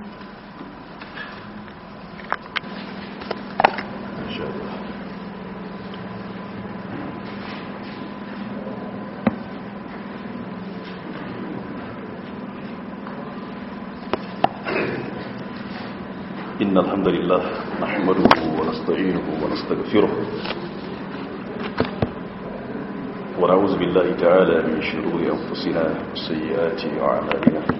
إن الحمد لله نحمده ونستعينه ونستغفره ونعوذ بالله تعالى من شرور أنفسنا وسيئات أعمالنا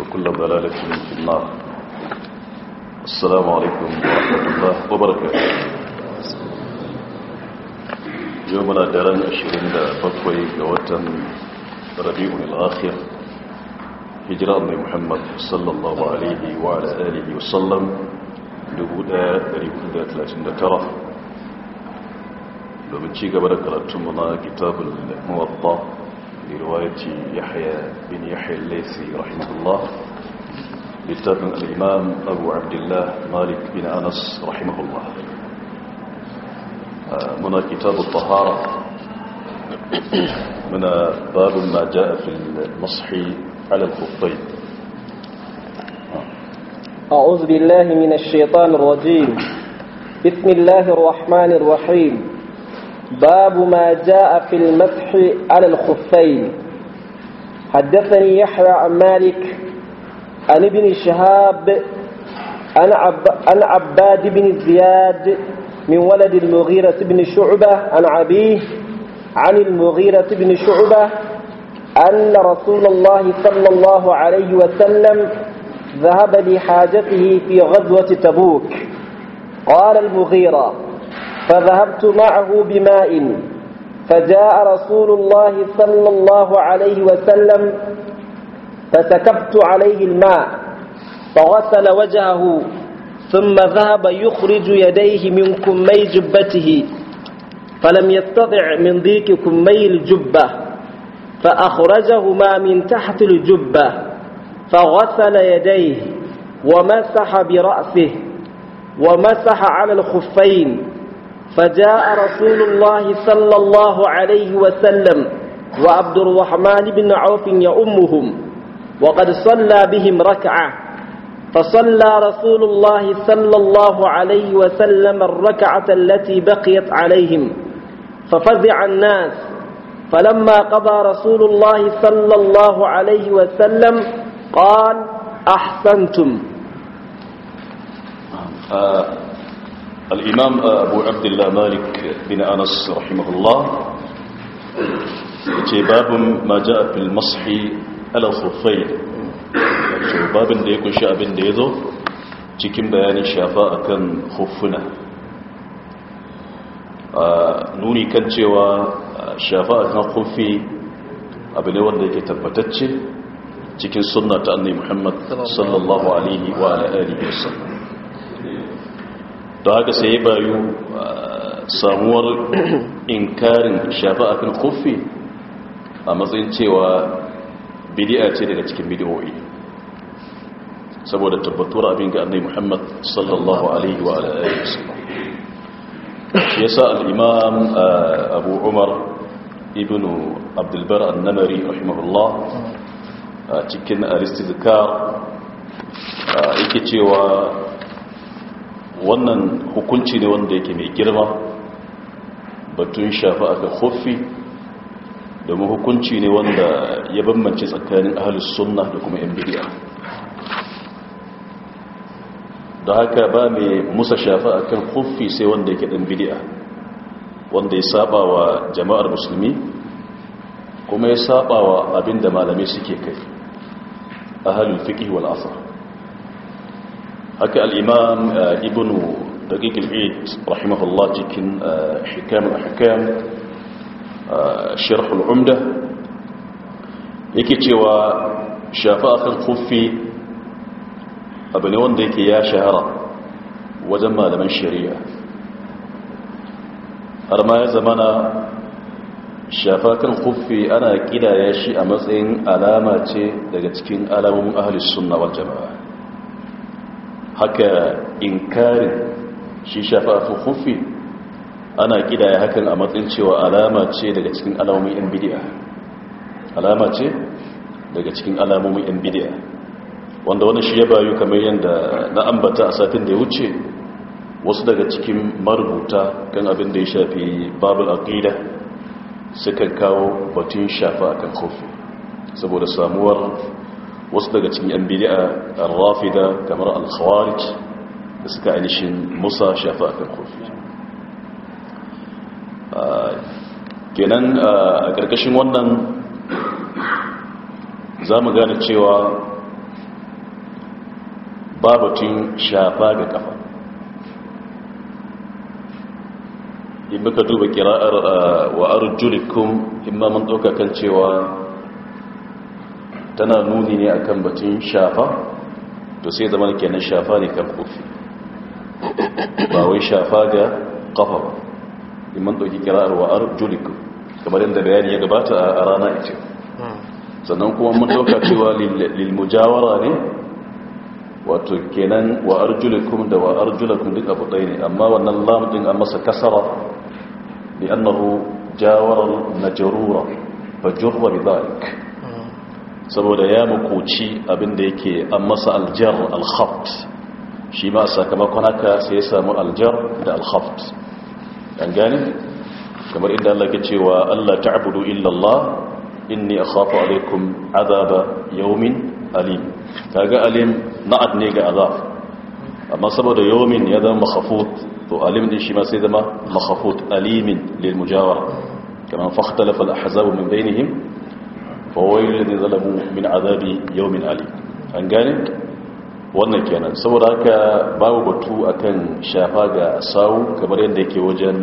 وكل ضلالة في النار السلام عليكم ورحمة الله وبركاته يومنا داران أشهرين دا فتوي قوتا ربيع الآخر هجراء محمد صلى الله عليه وعلى آله وسلم لبدا دريب دا ثلاثين ترى domin ci gaba da كتاب na لرواية يحيى بن يحيى الليثي رحمه الله لكتاب الإمام أبو عبد الله مالك بن أنس رحمه الله من آه، كتاب الطهارة من باب ما جاء في المصح على الخفين آه. أعوذ بالله من الشيطان الرجيم بسم الله الرحمن الرحيم باب ما جاء في المسح على الخفين حدثني يحيى عن مالك عن ابن شهاب عن عب... عباد بن زياد من ولد المغيرة بن شعبة عن أبيه عن المغيرة بن شعبة أن رسول الله صلى الله عليه وسلم ذهب لحاجته في غزوة تبوك قال المغيرة فذهبت معه بماء فجاء رسول الله صلى الله عليه وسلم فسكبت عليه الماء فغسل وجهه ثم ذهب يخرج يديه من كمي جبته فلم يستطع من ضيق كمي الجبة فأخرجهما من تحت الجبة فغسل يديه ومسح برأسه ومسح على الخفين فجاء رسول الله صلى الله عليه وسلم وعبد الرحمن بن عوف يؤمهم وقد صلى بهم ركعة فصلى رسول الله صلى الله عليه وسلم الركعة التي بقيت عليهم ففزع الناس فلما قضى رسول الله صلى الله عليه وسلم قال أحسنتم آه، الإمام أبو عبد الله مالك بن أنس رحمه الله باب ما جاء في المصح على الخفين باب ديكو شعب ديدو تكين بياني شعباء كان خفنا نوني كانت شفاء كان خفي أبني وديك تبتتش تكين سنة أني محمد صلى الله عليه وعلى آله وسلم da haka sai ya bayu uh, samuwar inkarin a kan kufi a matsayin cewa bidiyar ce daga cikin bidiyoyi saboda tabbatuwar abin ga annai Muhammad sallallahu alaihi wa wasu shi yasa sa al’imam uh, Abu Umar ibn abdulbar annamari an rahimahullah uh, cikin al a yake cewa wannan hukunci ne wanda yake mai girma batun shafa aka hoffi domin hukunci ne wanda ya bambance tsakanin ahalus sunna da kuma yan bidiya da haka ba mai musa shafa akan hoffi sai wanda yake dan bidiya wanda ya saba wa jama'ar musulmi kuma ya saba wa abinda malamai suke kai ahalul fiqh wal asr haka al'imam ibn daƙiƙ al'id rahimahullah cikin hikam al-hikam sharh al-umda yake cewa shafa akan kuffi abu ne wanda yake ya shahara wajen malaman shari'a har ma ya zamana shafakan kuffi ana kidaya shi a matsayin alama ce daga cikin alamomin ahalis sunna wal jama'a haka inkarin shi shafafu hufi ana kidaya hakan a matsayin cewa alama ce daga cikin alamomin yan bidiya alama ce daga cikin alamomin yan bidiya wanda wani shi ya bayu kamar yadda na ambata a satin da ya wuce wasu daga cikin marubuta kan abin da ya shafi babul aqida suka kawo batun shafa akan kofi saboda samuwar wasu daga cikin yan bidi'a al-rafida kamar al-khawarij da suka ainihin musa shafa kan kofi ah, kenan ah, a karkashin wannan za mu gane cewa babatun shafa ga kafa in muka duba kira'ar ah, wa arjulikum imma mun ɗauka kan cewa tana nuni ne akan batun shafa to sai zama kenan shafa ne kan kofi ba wai shafa ga kafa ba iman ɗauki kira'ar wa Julik, kamar yadda bayani ya gabata a rana ita sannan kuma mun ɗauka cewa lilmujawara ne wato kenan wa arjulikum da wa arjulakum duk abu ɗaya ne amma wannan lam a masa kasara bi annahu jawara najrura fa jurra bi dhalik saboda ya makoci abinda yake an masa aljar alhaft shi ma sakamakon haka sai ya samu aljar da alhaft an gani kamar inda Allah ke cewa Allah ta'budu illa Allah inni akhafu alaikum azaba yawmin alim kaga alim na'ad ne ga azab amma saboda yawmin ya zama makhafut to alim din shi ma sai zama makhafut alimin lil mujawara kama fa ikhtalafa al ahzab min bainihim fawai da zalabu min azabi min ali an gane wannan kenan saboda haka babu batu akan shafa ga sawu kamar yadda yake wajen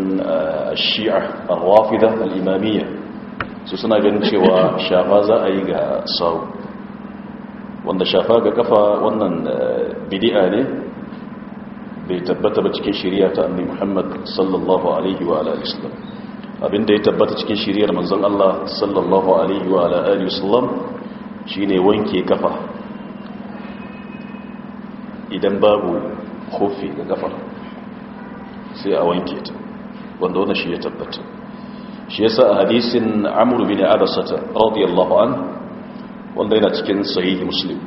shi'a a wafida al su suna ganin cewa shafa za a yi ga sawu wanda shafa ga kafa wannan bidi'a ne bai tabbata ba cikin shari'a ta annabi Muhammad sallallahu alaihi wa alihi wasallam abinda ya tabbata cikin shiriyar manzon Allah sallallahu alaihi wa alihi wasallam shine wanke kafa idan babu kofi ga kafar sai a wanke ta wanda wannan shi ya tabbata shi yasa a hadisin Amr bin Abasata radiyallahu an wanda yana cikin sahihi Muslim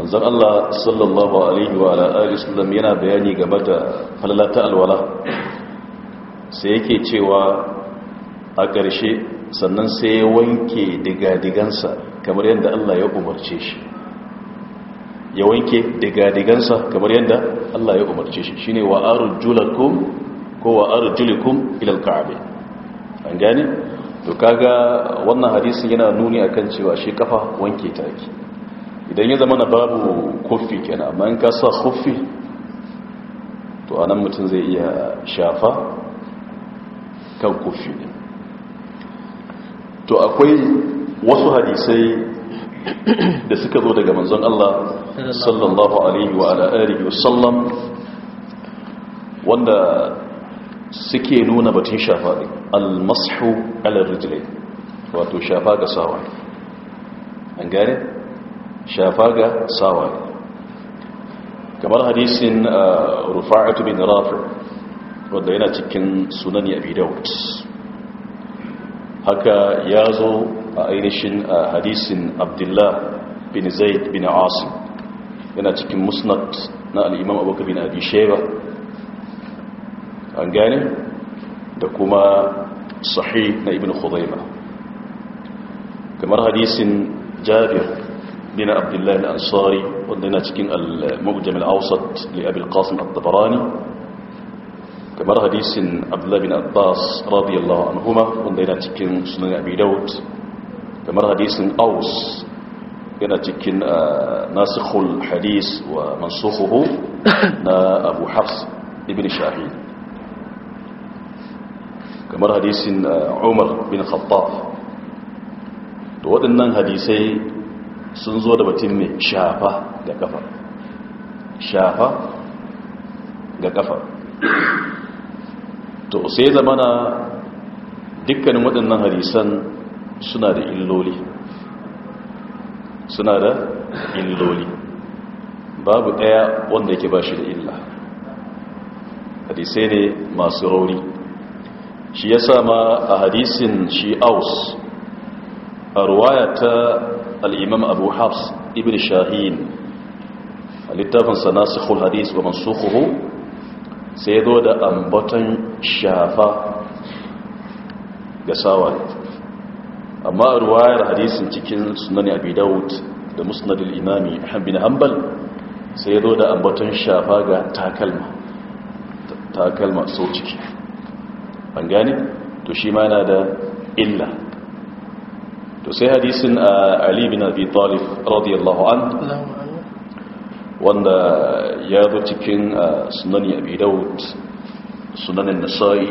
manzon Allah sallallahu alaihi wa alihi wasallam yana bayani game da falalata alwala sai yake cewa a ƙarshe sannan sai ya wanke digadigansa kamar yadda Allah ya umarce shi ya wanke digadigansa kamar yadda Allah ya umarce shi shine wa'arun arjulakum ko wa'arun julikun ilal ka'abe an gani? to kaga wannan hadisin yana nuni akan cewa shi kafa wanke ta idan ya zama na babu kofi kenan amma in ka kofi to anan mutum zai iya shafa kan kufi ne to akwai wasu hadisai da suka zo daga manzon Allah sallallahu alaihi wa alihi wasallam wanda suke nuna batun shafa al-mashu ala rijli wato shafa ga sawa an gane shafa ga sawa kamar hadisin uh, rufa'atu bin rafi' wanda yana cikin sunan ya bidawut haka ya zo a ainihin hadisin abdullah bin zaid bin asim yana cikin musnad na al'imam abokan bin abi sheba an gane da kuma sahih na ibn khudaima kamar hadisin jabir bin abdullah al-ansari wanda yana cikin al-mujam al-awsat li abi al-qasim al tabarani kamar hadisin abdullahi bin abbas radiyallahu anhuma wanda yana cikin sunan abi daud kamar hadisin aus yana cikin nasikhul hadis wa mansukhuhu na abu hafs ibn shahid kamar hadisin umar bin khattab to waɗannan hadisai sun zo da batun mai shafa ga kafa shafa ga kafa to sai zamana dukkanin waɗannan hadisan suna da illoli suna da illoli babu ɗaya wanda yake ba shi da illa hadisai ne masu rauni shi ya sama a hadisin shi aus a ruwaya ta al'imam abu hafs ibn shahin a littafinsa nasu hadis wa mansukuhu sai zo da ambaton shafa ga sawaye amma a ruwayar hadisun cikin sunan abu daud da musnadul imami bin hanbal sai zo da ambaton shafa ga takalma takalma sau ciki an gani to shi ma da illa to sai hadisun uh, a bin abi talif radiyallahu an wanda ya zo cikin uh, sunani abi daud sunanin nasa'i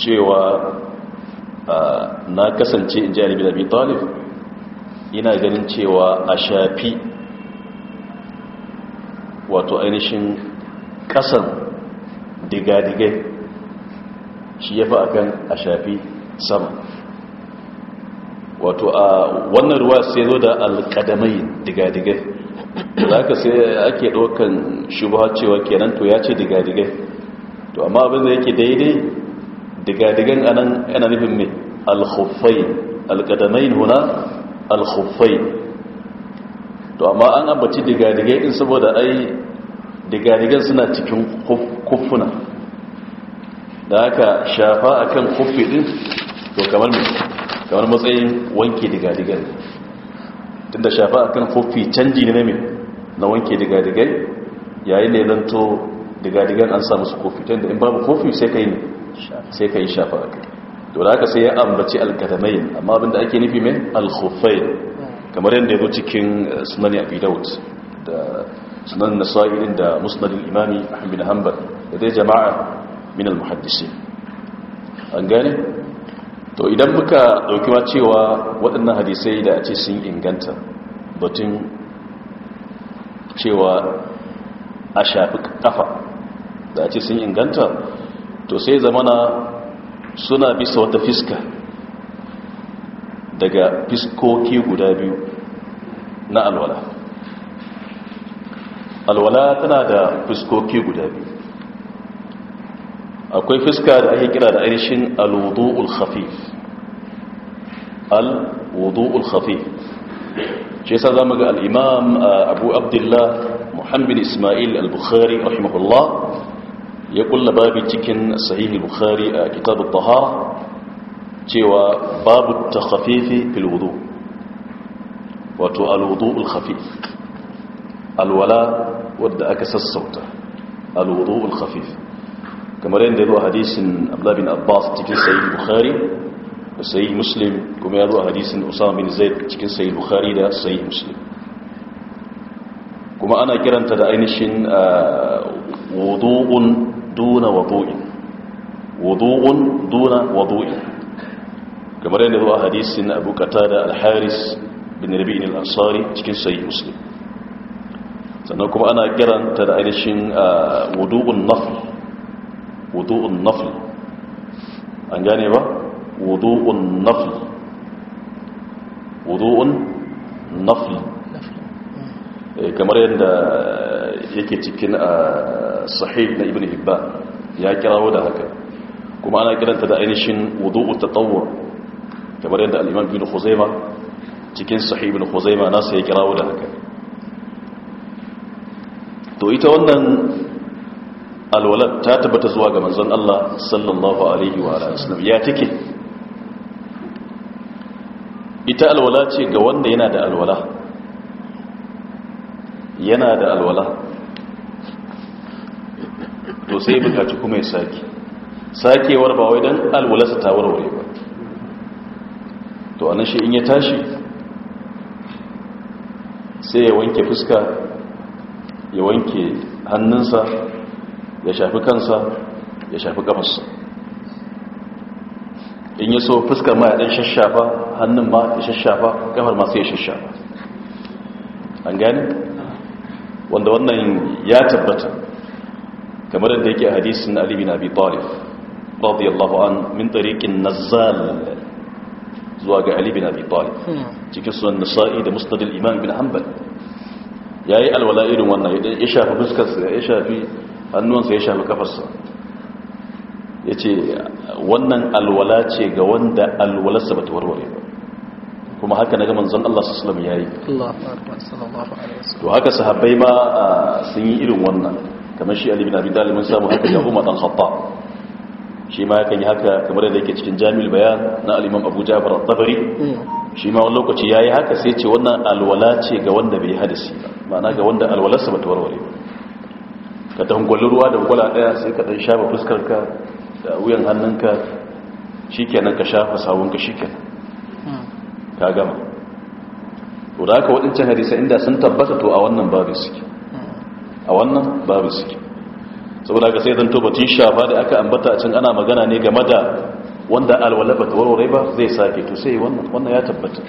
cewa uh, na kasance in jari bin abi talib ina ganin cewa a shafi wato ainihin kasan diga-digai shi ya fi akan a shafi sama wato a wannan ruwa sai zo da alƙadamai digadigai za ka sai ake ɗaukan shubha cewa kenan to ya ce digadigai to amma abin da yake daidai digadigan anan yana nufin mai alkhufai alƙadamai huna alkhufai to amma an ambaci digadigai in saboda ai digadigan suna cikin kuffuna da haka shafa akan kuffi din to kamar mai kamar matsayin wanke tun tunda shafa a kan kofi canji ne mai na wanke digadigai yayin da ya zanto digadigan an samu su kofi tunda in babu kofi sai ka yi ne sai ka yi shafa a kai to da haka sai ya ambaci alkatamai amma abinda ake nufi mai alkhufai kamar yadda ya zo cikin eh, sunani a daud da sunan nasa'irin da musnadin imami ahmad bin hambar da dai jama'a min al muhaddisi an gane to idan muka dauki ma cewa waɗannan hadisai da a ce sun inganta batun cewa a shafi kafa da a ce sun inganta to sai zamana suna bisa wata fiska daga fiskoki guda biyu na alwala alwala tana da fiskoki guda biyu akwai fuska da ake kira da ainihin alwudu'ul khafif alwudu'ul khafif shi yasa zamu ga al-imam Abu Abdullah Muhammad Ismail al-Bukhari rahimahullah ya kulla babu cikin sahih al-Bukhari a kitab at-tahara cewa babu takhfifi fil wudu wato al-wudu'ul khafif alwala wadda aka sassauta alwudu'ul khafif kamar yadda ya zo a hadisin ablabin abbas cikin sayi bukhari da sayi muslim kuma ya zo a hadisin usama bin zaid cikin sayi bukhari da sayi muslim kuma ana kiranta da ainihin wudu'un duna wudu'in wudu'un duna wudu'in kamar yadda zuwa hadisin abu qatada al-haris bin rabi'in al-ansari cikin sahih muslim sannan kuma ana kiranta da ainihin wudu'un nafl wudu'un nafl an gane ba wudu'un nafl wudu'un nafl kamar yadda yake cikin a sahih na ibn hibba ya kirawo da haka kuma ana kiranta da ainihin wudu'u tatawwur kamar yadda al-imam ibn khuzaimah cikin sahih ibn khuzaimah nasa ya kirawo da haka to ita wannan alwalar ta tabbata zuwa ga manzon Allah sallallahu alaihi wa sallam ya take ita alwala ce ga wanda yana da alwala yana da alwala to sai bukaci kuma ya saki sakewar ba wai don alwalarsa ta warware ba to anan shi in ya tashi sai ya wanke fuska ya wanke hannunsa ya shafi kansa ya shafi kafarsa in yi so fuskar ma ya ɗan shashafa hannun ma ya shashafa kafar masu ya shashafa an gani wanda wannan ya tabbata kamar da yake hadisin ali bin abi talib radiyallahu an min tariqin nazzal zuwa ga ali bin abi talib hmm. cikin sunan nasa'i da musnad Iman imam bin hanbal yi alwala irin wannan ya shafi fuskarsa ya shafi hannuwansa ya shafi kafarsa ya ce wannan alwala ce ga wanda alwalarsa ba ta warware ba kuma haka na gaman zan Allah sassalam ya yi to haka sahabbai ma sun yi irin wannan kamar shi alibin abin dalibin samun haka ya umar dan hatta shi ma yakan yi haka kamar da yake cikin jami'ul bayan na aliman abu jafar tabari mm. shi ma wani lokaci ya yi haka sai ce wannan alwala ce ga wanda bai hadisi ba ma'ana ga wanda alwalarsa ba ta warware ba ka dangwali ruwa da gwala daya sai ka dan shafa fuskarka da wuyan hannunka shikenan ka shafa sawunka shikenan ka gama to da aka waɗancan hadisa inda sun tabbata to a wannan babu suke a wannan babu suke saboda ka sai zanto batun shafa da aka ambata a can ana magana ne game da wanda alwala ta warware ba zai sake to sai wannan wannan ya tabbata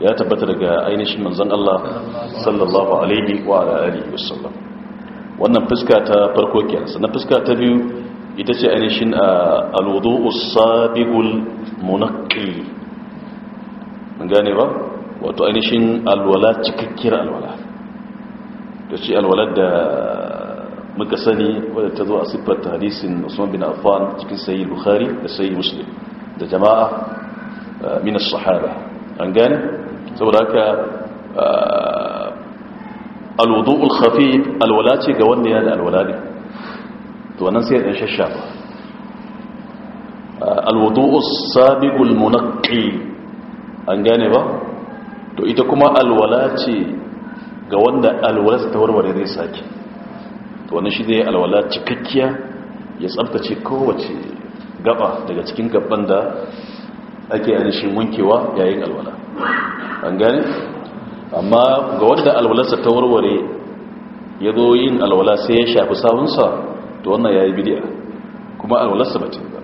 ya tabbata daga ainihin manzon Allah sallallahu alaihi wa alihi wasallam wannan fuska ta farko kenan sannan fuska ta biyu ita ce ainihin alwudu sabiqul munaqqi mun gane ba wato ainihin alwala cikakkiyar alwala to shi alwala da muka sani wadda ta zo a siffar ta hadisin Usman bin Affan cikin sayi Bukhari da sayi Muslim da jama'a min as-sahaba an gane saboda haka alwudu khafif alwala ce ga wanda ya da alwala ne to wannan sai ya dan shashafa alwudu'us sabiqul munaqqi an gane ba to ita kuma alwala ce ga wanda alwalarsa ta warware zai saki to wannan shi zai alwala cikakkiya ya tsabtace kowace gaba daga cikin gaban da ake anishin wankewa yayin alwala an gane amma ga wanda alwalarsa ta warware ya zo yin alwala sai ya shafi sawunsa to wannan ya yi bidiya kuma alwalarsa ba ba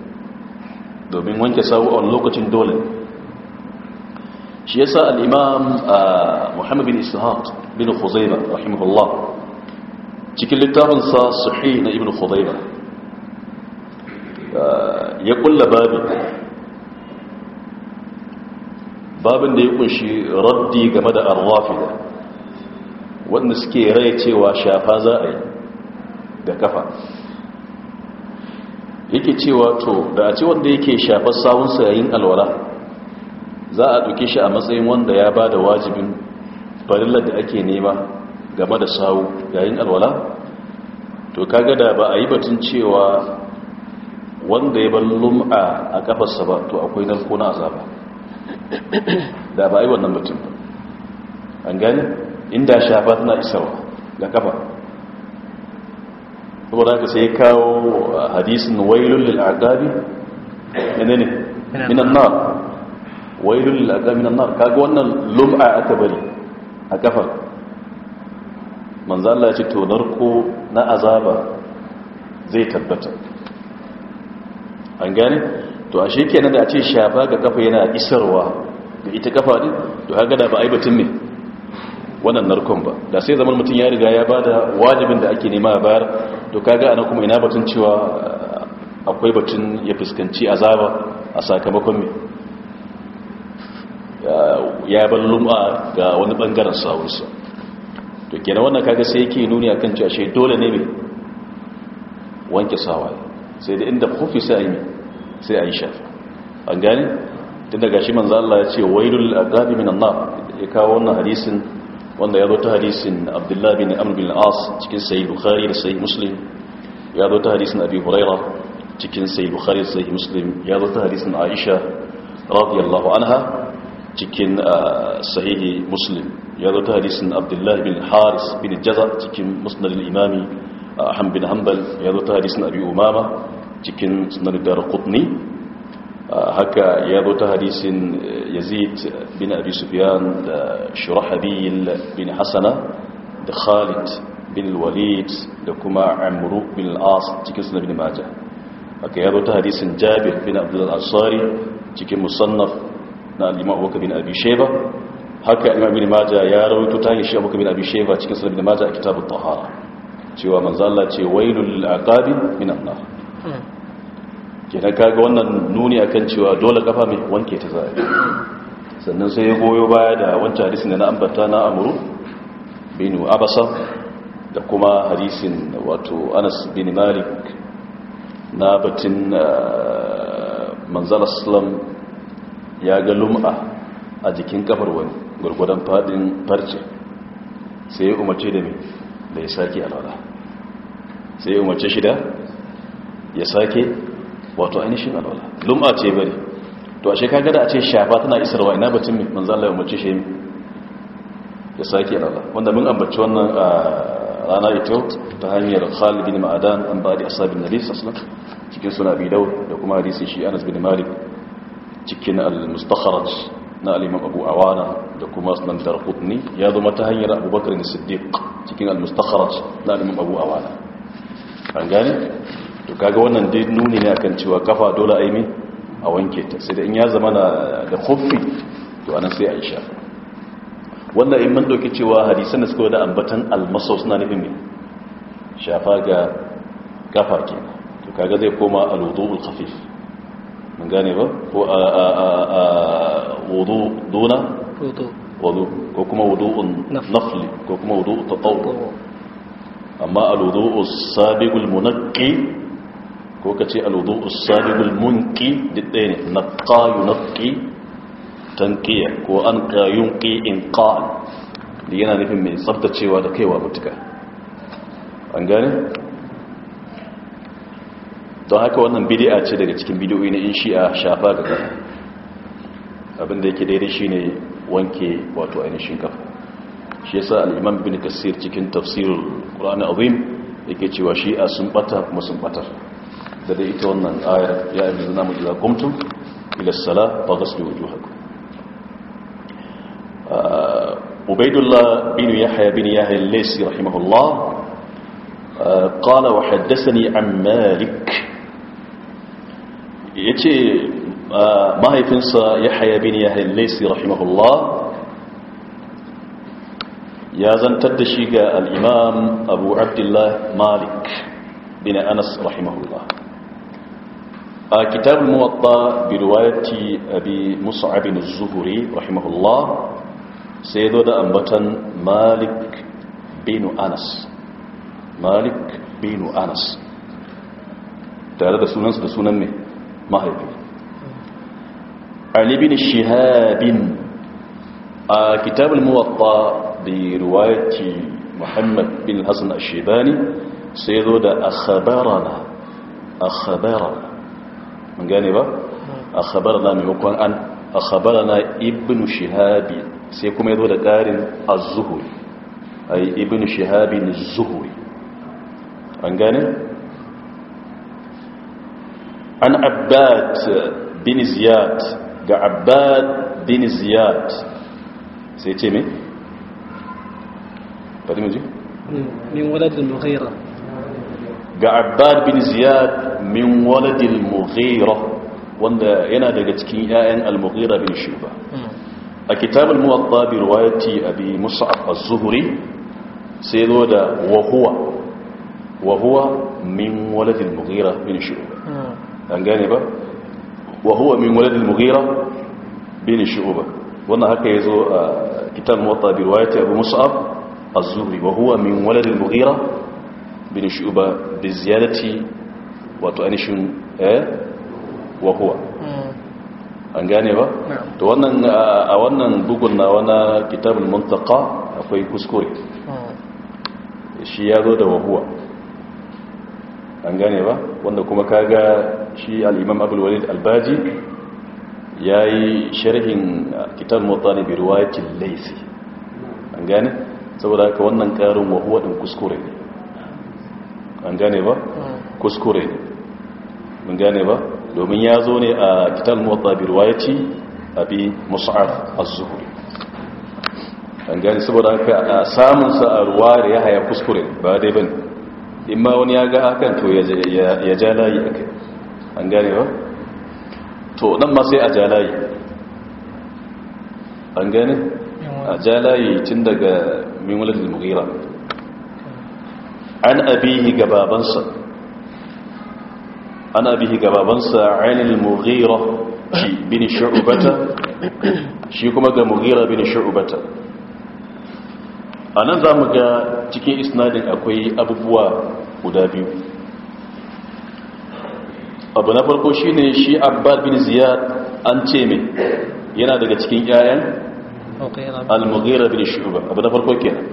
domin wanke sawu a lokacin dole shi yasa al'imam muhammad bin ishaq bin khuzaiba rahimahullah cikin littafinsa suhi na ibn khuzaiba ya kulla babi babin da ya kunshi raddi game da arwafida wanda suke rai cewa shafa za a yi da kafa yake cewa to da a ce wanda yake shafar sawunsa yayin alwala za a ɗauke shi a matsayin wanda ya ba da wajibin farillar da ake nema game da sawu yayin alwala to kaga da ba a yi batun cewa wanda ya bar lum'a a kafarsa ba to akwai narko na azaba da ba yi wannan mutum ba an gani inda shafa tana isawa da kafa saboda haka sai kawo uh, hadisin wailul lil aqabi ne ne minan nar wailul lil aqabi minan nar kaga wannan lum'a aka bari a kafa manzo Allah ya ce to ko na azaba zai tabbata an gani to ashe kenan da a ce shafa ga kafa yana isarwa ga ita kafa din to haka da ba aibatin ne wannan narkon ba da sai zaman mutum ya riga ya bada wajibin da ake nema a bayar to kaga ana kuma ina batun cewa eh, akwai batun ya fuskanci azaba a sakamakon me eh, ya ban lum'a ga wani bangaren sawunsa to kenan wannan kaga sai yake nuni akan cewa shi dole ne me wanke sawaye sai da inda kufi sai ne sai a shafa an gane tun daga shi manzo Allah ya ce wailul aqabi minan nar ya kawo wannan hadisin wanda ya zo ta hadisin Abdullah bin Amr bin As cikin sahih Bukhari da sahih Muslim ya zo ta hadisin Abi Huraira cikin sahih Bukhari da sahih Muslim ya zo ta hadisin Aisha radiyallahu anha cikin ah, sahih Muslim ya zo ta hadisin Abdullah bin Haris bin Jaza cikin Musnad al-Imam ah, Ahmad bin Hanbal ya zo ta hadisin Abi Umama cikin sunan darqutni haka ya zo ta hadisin yazid bin abi sufyan da shurahabil bin hasana da khalid bin walid da kuma amru bin al-as cikin sunan ibn majah haka ya zo ta hadisin jabir bin al ansari cikin musannaf na al-imam abu bin abi shayba haka imam ibn majah ya rawaito ta shi abu bin abi shayba cikin sunan ibn majah kitabut tahara cewa manzo Allah ce wailul aqabi min an nar kenan kaga wannan nuni akan cewa dole kafa mai wanke ta zai sannan sai ya goyo baya da wancan hadisin da na ambata na amuru binu abasa da kuma hadisin wato anas bin malik na batin ah, manzala islam ya ga lum'a a jikin kafar wani gurgudan fadin farce sai ya umarce da mai da ya sake alwala sai ya umarce shida ya sake wato ainihin alwala lum'a ce bari to ashe kaga da a ce shafa tana isarwa ina bacin mai manzo Allah ya umarci shi ya sake alwala wanda mun ambaci wannan ah, rana Ito ta hanyar Khalid bin Ma'adan an bari ashabin Nabi sallallahu alaihi wasallam cikin sunan Abi da kuma hadisi shi Anas bin Malik cikin al-Mustakhraj na al-Imam Abu Awana da kuma sunan Darqutni ya zo ta hanyar Abubakar Bakr as-Siddiq cikin al-Mustakhraj na al-Imam Abu Awana an gane kaga wannan dai nuni ne akan cewa kafa dole a yi a wanke ta sai da in ya zama da kofi to ana sai a yi shafa wannan in man cewa hadisan da suka wada ambatan almasa suna nufin ne shafa ga kafa ke to kaga zai koma alwudu'ul khafif mun gane ba ko a wudu duna wudu ko kuma wudu'un nafli ko kuma wudu'ut tatawwu amma alwudu'us sabiqul munaqqi ko ka ce alwudu usalibul munki duk ɗaya ne na ƙayu na ƙi tankiya ko an ka ƙi in ƙa'an da yana nufin mai tsaftacewa da kaiwa mutuka an gane don haka wannan bidi'a ce daga cikin bidiyoyi na in a shafa ga kafa abinda yake daidai shine wanke wato ainihin kafa shi yasa al-imam bin kasir cikin tafsirul qur'ani azim yake cewa shi'a sun bata kuma sun batar da dai ita wannan ayar ya yi zina mu jira kumtum ilassala ba gasli wujuhakum ubaidullah bin yahya bin yahya al-laysi rahimahullah قال وحدثني عن مالك يتي mahaifinsa yahya bin yahya al-laysi rahimahullah ya zantar da shi ga al'imam abu abdullah malik bin anas rahimahullah آه، كتاب الموطا برواية أبي مصعب الزهري رحمه الله سيدو دا أنبتا مالك بن أنس مالك بن أنس تعالى دا سنن دا سنن مه مهربي علي بن الشهاب آه، كتاب الموطا برواية محمد بن الحسن الشيباني سيدو دا أخبارنا أخبارنا mun gane ba akhbarana maimakon an akhbarana ibnu shihabi sai kuma yazo da karin az-zuhri ay ibnu shihabi az-zuhri an gane an abbad bin ziyad ga abbad bin ziyad sai ce me bari mu ji min waladul mughira ga'abbar bin ziyad min waladil mughira wanda yana daga cikin 'ya'yan al-mughira bin shuba a kitab al-muwatta bi riwayati abi mus'ab az-zuhri sai zo da wa huwa wa huwa min waladil mughira bin shuba an gane ba wa huwa min waladil mughira bin shuba wannan haka yazo a kitab al-muwatta bi riwayati abi mus'ab az-zuhri wa huwa min waladil mughira bin shuba bi ziyarati wato anishin eh wa huwa hmm. an gane ba to wannan a wannan bugun na wana kitabul muntaka akwai kuskure hmm. shi ya zo da wa huwa an gane ba wanda kuma kaga shi al'imam imam abul walid al-baji yayi sharhin kitab mutane bi riwayatil laysi an gane saboda haka wannan karin wa huwa din kuskure ne an gane ba kuskure ne mun gane ba domin ya zo ne a kital bi birwayaci abi bi az-zuhri an gane saboda haka samun sa a ruwa da ya haya kuskure ba dai bane in ma wani ya ga hakan to ya ja layi akai an gane ba to nan ma sai a ja layi an gane a ja layi tun daga min walad al-mughira an abihi ga babansa an abihi gababansa. babansa bin shi kuma ga mughira bin anan zamu ga cikin isnadin akwai abubuwa guda biyu abu na farko shi abbad bin ziyad an ce yana daga cikin yayan al-mughira bin abu na farko kenan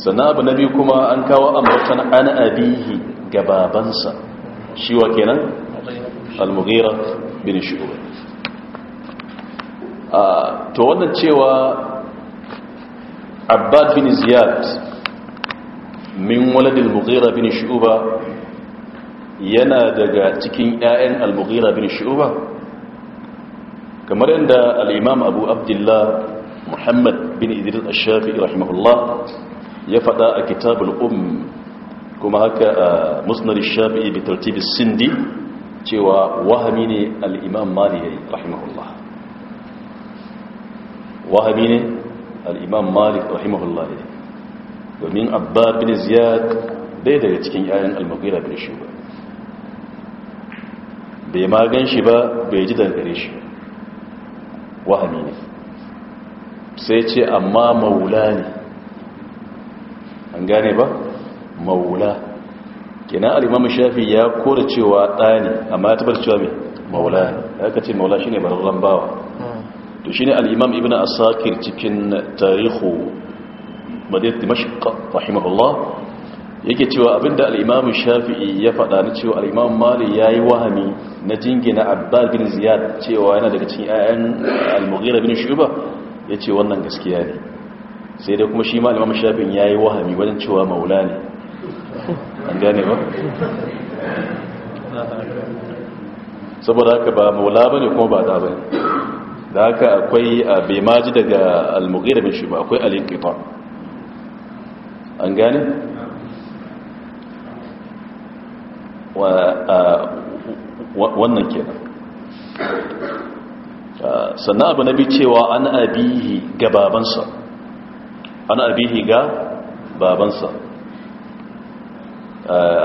sannan abu na biyu kuma an kawo amurtan an abihi ga babansa shi wa kenan al-mughira bin shu'ba to wannan cewa abbad bin ziyad min waladil mughira bin shu'ba yana daga cikin 'ya'yan al-mughira bin shu'ba kamar yadda al-imam abu abdullah muhammad bin idris ash-shafi'i rahimahullah ya faɗa a kitabul um kuma haka a musnar shafi'i bi tartibis sindi cewa wahami ne al-imam malik rahimahullah wahami ne al-imam malik rahimahullah domin abba bin ziyad bai daga cikin yayin al-mughira bin shuba bai ma gan shi ba bai ji daga gare shi wahami ne sai ce amma maula ne an gane ba maula kina al-imam shafi ya kora cewa dani amma ya tabbata cewa me maula ne aka ce maula shine bararran bawa hmm. to shine al-imam ibnu asakir cikin tarihu madinat dimashq rahimahullah yake cewa abinda al-imam shafi ya faɗa na cewa al-imam mali yayi wahami na jingina abbas bin ziyad cewa yana daga cikin ayan al-mughira bin shuba yace wannan gaskiya ne sai dai kuma shi malamin shafin ya yi wahami wajen cewa maula ne an gane ba saboda haka ba maula ba ne kuma ba da ba da haka akwai a bemaji daga almugira da shi ba akwai alikita an gane wannan kenan sannan abu na bi cewa an abihi gababansa ana abihi ga babansa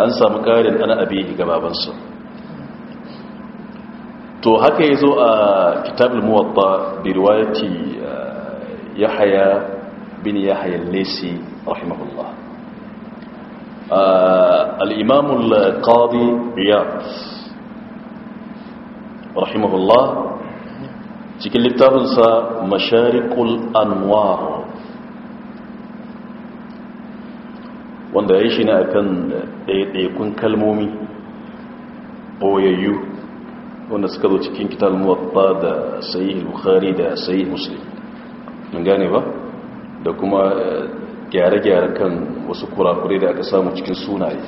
an samu karin ana abihi ga babansa to haka ya zo a kitabul muwatta bi riwayati yahya bin yahya al-lisi rahimahullah al-imam al-qadi iyad rahimahullah cikin littafinsa masharikul anwar wanda ya yi shi na kan ɗaiɗaikun kalmomi ɓoyayyu wanda suka zo cikin kitab muwatta da sayi bukhari da sayi musulun mun gane ba da kuma eh, gyare-gyare kan wasu kurakurai da aka samu cikin sunaye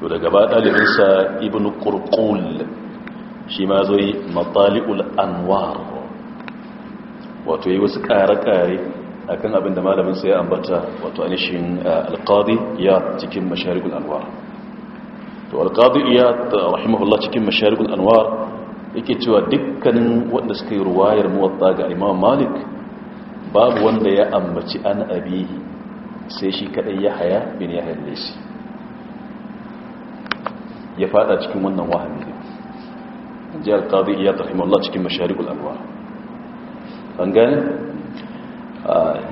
to daga ba ɗalibinsa ibn kurkul shi ma zo matali'ul anwar wato yi wasu ƙare-ƙare akan abin da malamin sai ambata wato anishin alqadi ya cikin masharikul anwar to alqadi ya rahimahullah cikin masharikul anwar yake cewa dukkanin wanda suka yi ruwayar muwatta ga imam malik babu wanda ya ambaci an abihi sai shi kadai ya haya bin ya halle shi ya fada cikin wannan wahami ne ji alqadi ya rahimahullah cikin masharikul anwar an gane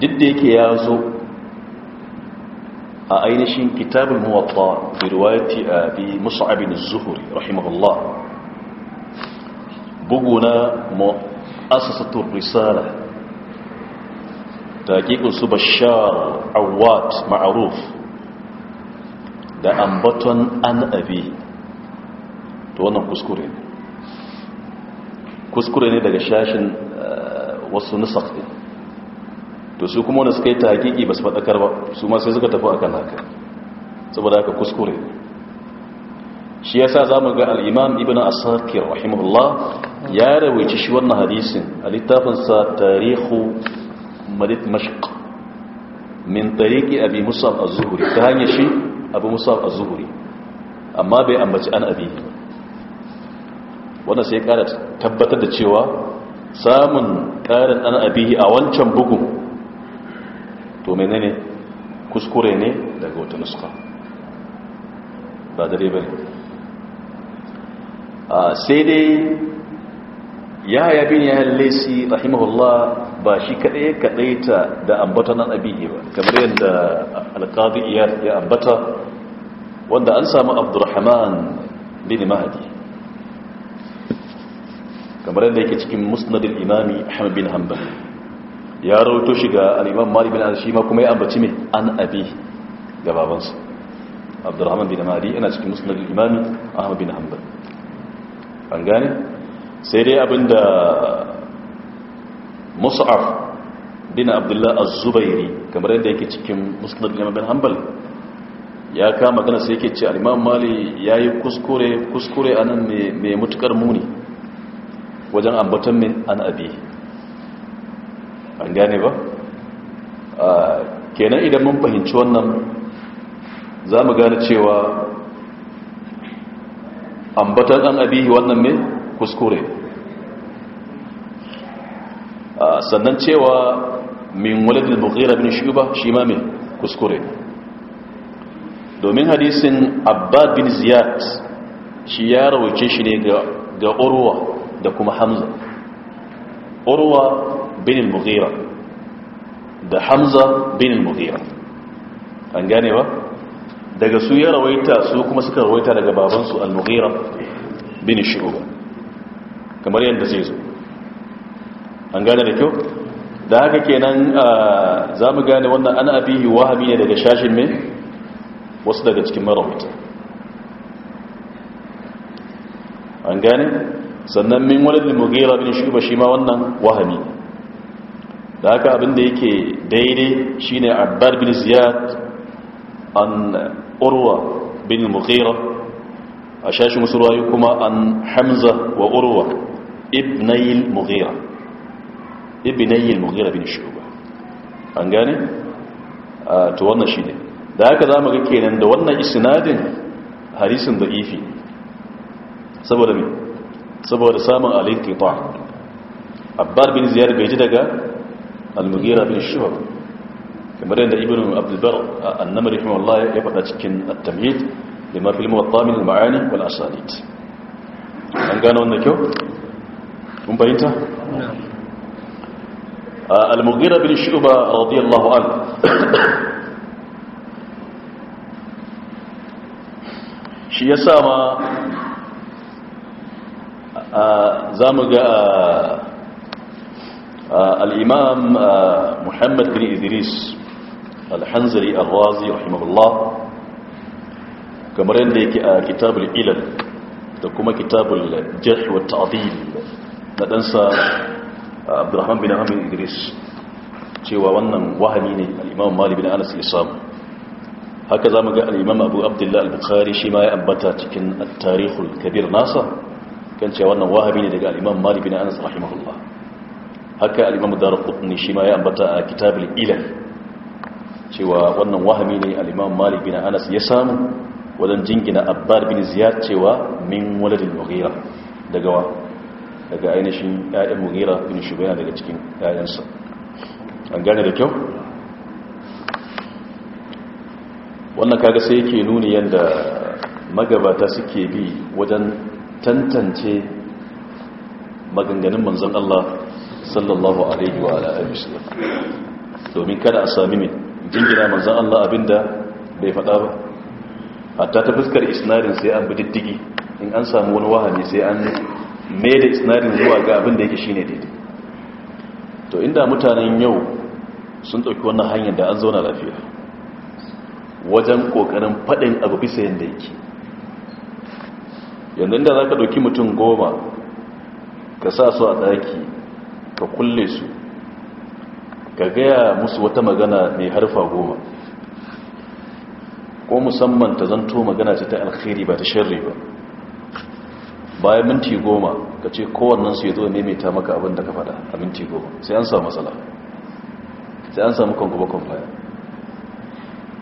duk da yake ya zo a ainihin kitabin muwatta bi riwayati abi mus'ab bin az-zuhri rahimahullah buguna mu mu'assasatu risala da taqiqu su bashar awat ma'ruf da ambaton an abi to wannan kuskure ne kuskure ne daga shashin wasu nusakh to su kuma wanda suka yi ta hakiki ba su faɗakar ba su ma sai suka tafi a akan haka saboda haka kuskure shi ya sa za mu ga al-imam ibnu asakir rahimahullah ya rawaici shi wannan hadisin a littafinsa tarihu madid mashq min tariqi abi musab a zuhuri ta hanyar shi abu musab a zuhuri amma bai ambaci an abi wannan sai ya kara tabbatar da cewa samun ƙarin an abi a wancan bugun to menene kuskure ne daga wata nuska ba dare ba ne sai dai ya yabi ya halisi rahimahullah ba shi kadai kadai ta da ambata nan abiye ba kamar yadda alqadi iyar ya ambata wanda an samu abdurrahman bin mahdi kamar yadda yake cikin musnad al-imami ahmad bin hanbal ya rawato shi ga al mali bin anas shi ma kuma ya ambaci mai an abi ga babansu abdurrahman bin mali yana cikin musulman imami ahmad bin hanbal an gane sai dai abinda mus'af bin abdullah az-zubairi kamar yadda yake cikin musulman imami bin hanbal ya kama magana sai yake ce al mali ya kuskure kuskure a nan mai mutukar muni wajen ambatan me an abi an gane ba kenan idan mun fahimci wannan za mu gane cewa ambatan an abihi wannan mai kuskure sannan cewa min waladin bukira bin shuba shi ma mai kuskure domin hadisin abba bin ziyad shi ya rawace shi ne ga urwa da kuma hamza urwa bin al-mughira da hamza bin al-mughira an gane ba daga su ya rawaita su kuma suka rawaita daga babansu al-mughira bin shu'ba kamar yadda zai zo an gane da kyau da haka kenan za mu gane wannan ana abihi wahabi ne daga shashin me wasu daga cikin marawata an gane sannan min walid al-mughira bin shu'ba shi ma wannan wahabi da haka abinda yake daidai shine abbar bin ziyad an urwa bin mughira a shashin wasu ruwa kuma an hamza wa urwa ibnayil mughira ibnayil mughira bin shuba an gane to wannan shine da haka mu ga kenan da wannan isnadin harisin da ifi saboda saboda samun alinqita abbar bin ziyad bai ji daga المغيرة بن الشعب كما رأينا ابن عبد البر النمر رحمه الله يبقى تكن التمهيد لما في الموضى من المعاني والأساليت هل كانوا أنك هم بينتا نعم. المغيرة بن الشعب رضي الله عنه شيء سامة آه، زامق آه، الإمام آه، محمد بن إدريس الحنزري الرازي رحمه الله كما رأيك آه، كتاب الإلل تقوم كتاب الجرح والتعظيم لا تنسى عبد الرحمن بن عمي إدريس شوى ونن وهميني الإمام مالي بن آنس إصام هكذا ما قال الإمام أبو عبد الله البخاري شما يأبتا التاريخ الكبير ناسا كانت شوى ونن وهنين الإمام مالي بن آنس رحمه الله haka al'imamu dara kutni shi ma ya ambata a kitabul ilal cewa wannan wahami ne al'imam malik bin anas ya samu wajen jingina abbar bin ziyar cewa min waladin mughira daga wa daga ainihin ya'yan mughira bin shubayna daga cikin ya'yansa an gane da kyau wannan kaga sai yake nuni yadda magabata suke bi wajen tantance maganganun manzon Allah sallallahu alaihi wa ala'ayi wasallam domin kada a sami ne jingina manzan Allah abinda bai faɗa ba hatta ta fuskar isnadin sai an bididdigi in an samu wani wahani sai an mai da isnadin zuwa ga abinda yake shine daidai to inda mutanen yau sun ɗauki wannan hanyar da an zauna lafiya wajen ƙoƙarin faɗin abu bisa yadda yake yanzu inda za ka ɗauki mutum goma ka sa su a daki. ka kulle su ka gaya musu wata magana mai harfa goma ko musamman ta zanto magana ce ta alkhairi ba ta sharri ba bayan minti goma ka ce kowannensu ya zo ne mai ta maka abin da ka faɗa a minti goma sai an samu matsala sai an samu kwanguba baya.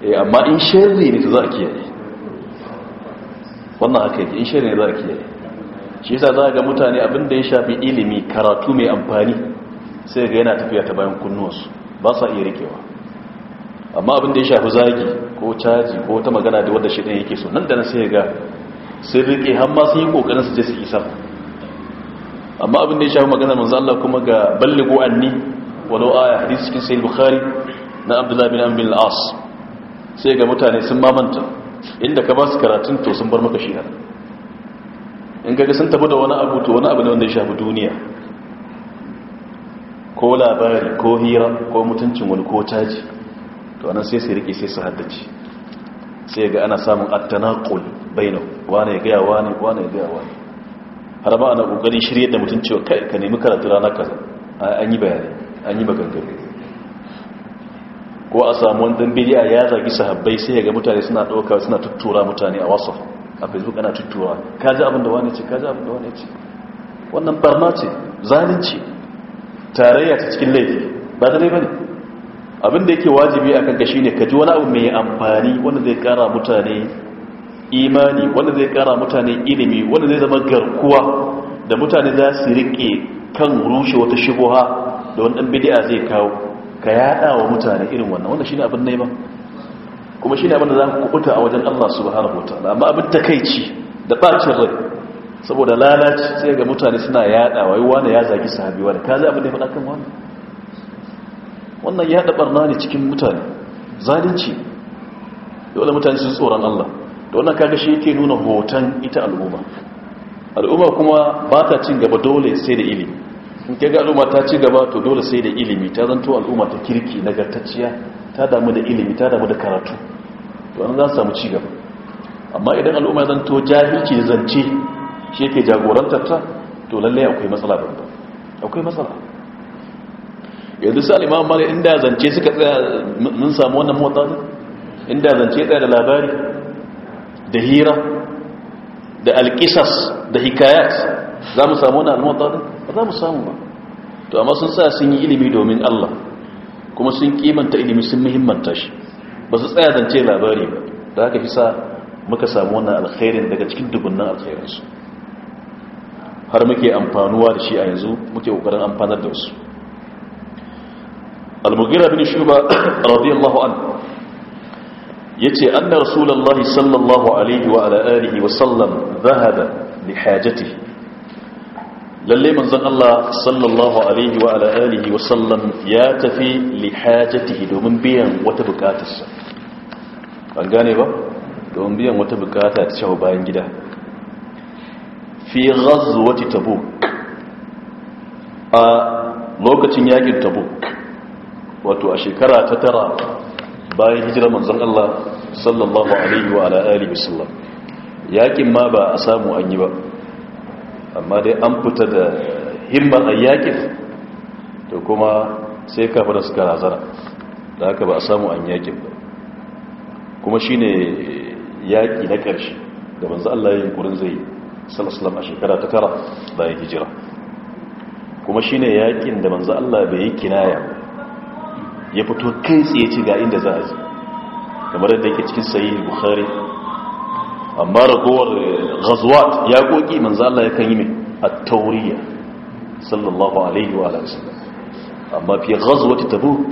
eh amma in sharri ne ta za a kiyaye wannan haka yake in sharri ne za a kiyaye shi yasa za ga mutane abin da ya shafi ilimi karatu mai amfani sai ga yana tafiya ta bayan kunnuwansu ba sa iya rikewa amma abin da ya shafi zagi ko caji ko ta magana da wadda shi ɗin yake so nan da nan sai ga sun rike har ma sun yi kokarin su je su isa amma abin da ya shafi magana manzo Allah kuma ga balligo anni walau aya hadisi cikin sahih bukhari na abdullahi bin amr bin al-as sai ga mutane sun mamanta inda ka ba su karatun to sun bar maka shi har in kaga sun tabu da wani abu to wani abu ne wanda ya shafi duniya ko labari ko hira ko mutuncin wani ko caji to anan sai sai rike sai su haddace sai ga ana samun attanaqul bainu wani ya gaya wani wani ya gaya wani har ba ana kokarin shirye da mutunci kai ka nemi karatu rana kaza an yi bayani an yi maganganu ko a samu wani dan ya zagi sahabbai sai ya ga mutane suna dauka suna tuttura mutane a wasu a facebook ana tuttuwa ka ji abin da wani ce ka ji abin da wani ce wannan barna ce zalunci tarayya ta cikin laifi ba da laifin abin da yake wajibi a kanka shine ka ji wani abu mai amfani wanda zai kara mutane imani wanda zai kara mutane ilimi wanda zai zama garkuwa da mutane za su riƙe kan rushe wata shigoha da wani ɗan bidiya zai kawo ka yaɗa wa mutane irin wannan wanda shi ne abin neman kuma shi ne abinda za ku kukuta a wajen allah subhanahu wa ta'ala amma abin takaici da bacin rai saboda lalaci sai ga mutane suna yada yi wani ya zagi sahabi wani ka zai abin da ya faɗa kan wani wannan ya haɗa ɓarna ne cikin mutane zalunci da mutane sun tsoron allah da wannan kaga shi yake nuna hoton ita al'umma al'umma kuma ba ta cin gaba dole sai da ilimi in ga al'umma ta ci gaba to dole sai da ilimi ta zanto al'umma ta kirki nagartacciya ta damu da ilimi ta damu da karatu to an za su samu cigaba amma idan al'umma zan to jahilci zance shi yake jagorantarta ta to lalle akwai matsala babba akwai matsala yanzu sa limamin mali inda zance suka tsaya mun samu wannan mota inda zance tsaya da labari da hira da alkisas da hikayat za mu samu mota almota ba za mu samu ba to amma sun sa sun yi ilimi domin Allah kuma sun kimanta ilimi sun muhimmanta shi ba su tsaya zance labari ba da haka fi sa muka samu wannan alkhairin daga cikin dubunnan alkhairinsu har muke amfanuwa da shi a yanzu muke kokarin amfanar da wasu al-mughira bin shuba radiyallahu anhu yace anna rasulullahi sallallahu alaihi wa ala alihi wa sallam dhahaba li hajatihi lalle manzan Allah sallallahu alaihi wa ala alihi wa sallam ya tafi li hajatihi domin biyan wata bukatarsa ban gane ba domin biyan wata bukata ta cewa bayan gida fi wata tabuk a lokacin yakin tabuk wato a shekara ta tara bayan hijira manzan Allah sallallahu alaihi wa ala alihi wa sallam yakin ma ba a samu an yi ba amma dai an fita da himmar ayyakin to kuma sai kafin suka razana da haka ba a samu an yakin ba kuma shi ne yaƙi na ƙarshe da banzu Allah yin ƙurin zai salasalam a shekara ta tara da ya hijira kuma shi ne yaƙin da banzu Allah bai yi kinaya ya fito kai tsaye ci ga inda za a zai kamar yadda yake cikin sayi bukhari amma ragowar eh, ghazwat ya goki manzo Allah yakan yi mai at-tawriya sallallahu alaihi wa sallam amma fi ghazwat tabuk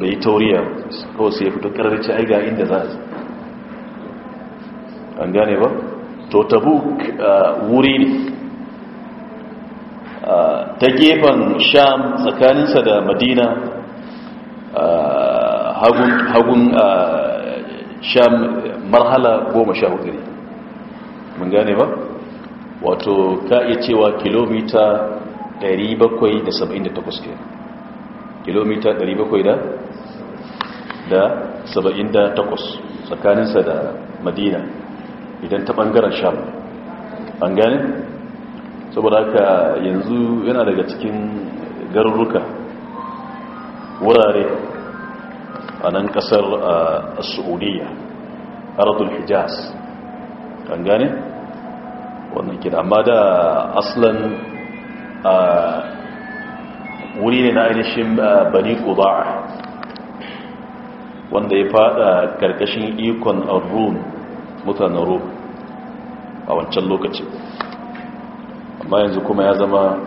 bai tauriya ko sai fito kararci ai ga inda za a ji an gane ba to tabuk eh, wuri ne eh, ta gefen sham tsakaninsa da madina hagun marhala goma sha hudu ne mun gane ba wato ka iya cewa kilomita 778 ke kilomita 778 tsakaninsa da madina idan ta bangaren sham an gane saboda haka yanzu yana daga cikin garuruka wurare a nan kasar saudiya aradul hijaz kan gane wannan kira amma da aslan wuri ne na ainihin bani kuba'a wanda ya fada karkashin ikon arun mutanen rom a wancan lokaci amma yanzu kuma ya zama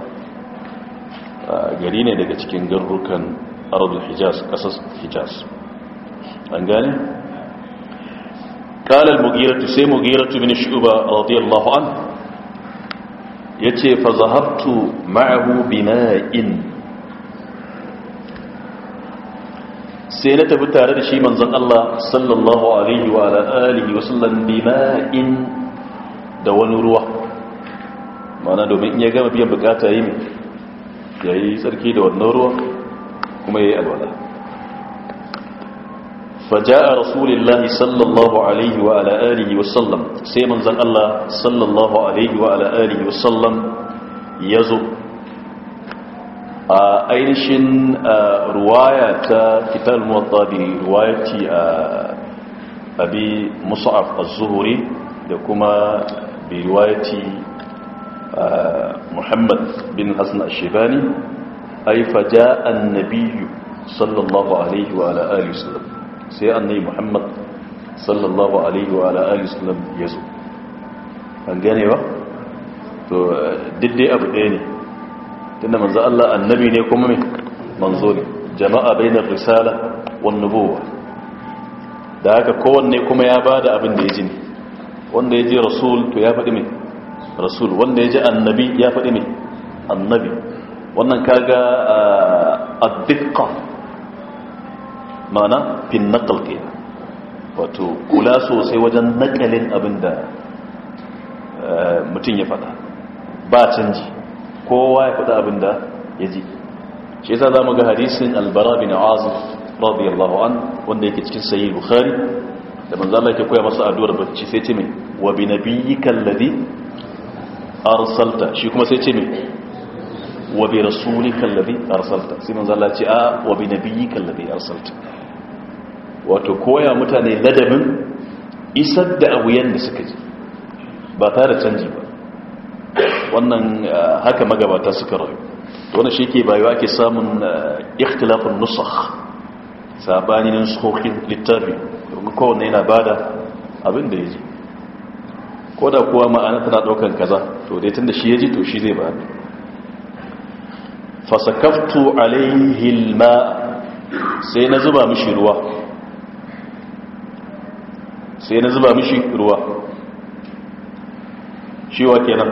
gari ne daga cikin garurukan aradul hijaz kasar hijaz an gane kalal mugiratu sai mugiratu bin shuba radiyallahu an ya ce fa zahabtu ma'ahu bina'in sai na tafi tare da shi manzan Allah sallallahu alaihi wa alihi wa sallam bina'in da wani ruwa mana domin in ya gama biyan bukata yi mai ya yi tsarki da wannan ruwa kuma ya yi alwala faja'a rasulillahi sallallahu alaihi wa ala wa sallam sai manzon Allah sallallahu alaihi wa ala wa sallam yazo a ainihin ruwaya ta kitab al-muwatta bi ruwayati a abi az-zuhri da kuma bi ruwayati muhammad bin hasan ash-shibani ay faja'a an-nabiy sallallahu alaihi wa ala wa sallam sai annabi muhammad sallallahu alaihi wa alihi sallam ya zo an gane ba to diddai abu ɗaya ne tunda manzo Allah annabi ne kuma me manzo ne jama'a bainar risala wan nubuwa da haka kowanne kuma ya bada abin da ya ji ne wanda ya ji rasul to ya faɗi me rasul wanda ya ji annabi ya faɗi me annabi wannan kaga a ah, dukkan ma'ana fin naqal ke wato kula sosai wajen nakalin abin da eh, mutum ya faɗa ba canji kowa ya faɗa abin da ya ji shi yasa za mu ga hadisin albara bin azif radiyallahu an wanda yake cikin sayi bukhari da manzo Allah koya masa addu'ar bacci sai ce mai wa bi nabiyyikal Kallabi arsalta shi kuma sai ce mai wa bi rasulika alladhi arsalta sai manzo Allah ce a wa bi nabiyyika alladhi arsalta wato koya mutane ladabin isar da abuyan da suka ji ba tare canji ba wannan eh, haka magabata suka rayu wannan shi ke bayuwa ake samun eh, ikhtilafin nusakh sabanin nuskokin littafi ko kowanne yana bada abin da ya ji ko da kuwa ma'ana tana ɗaukan kaza to dai tun da shi ya ji to shi zai ba fasakaftu alaihi alma sai na zuba mishi ruwa sai na zuba mishi ruwa shi wa kenan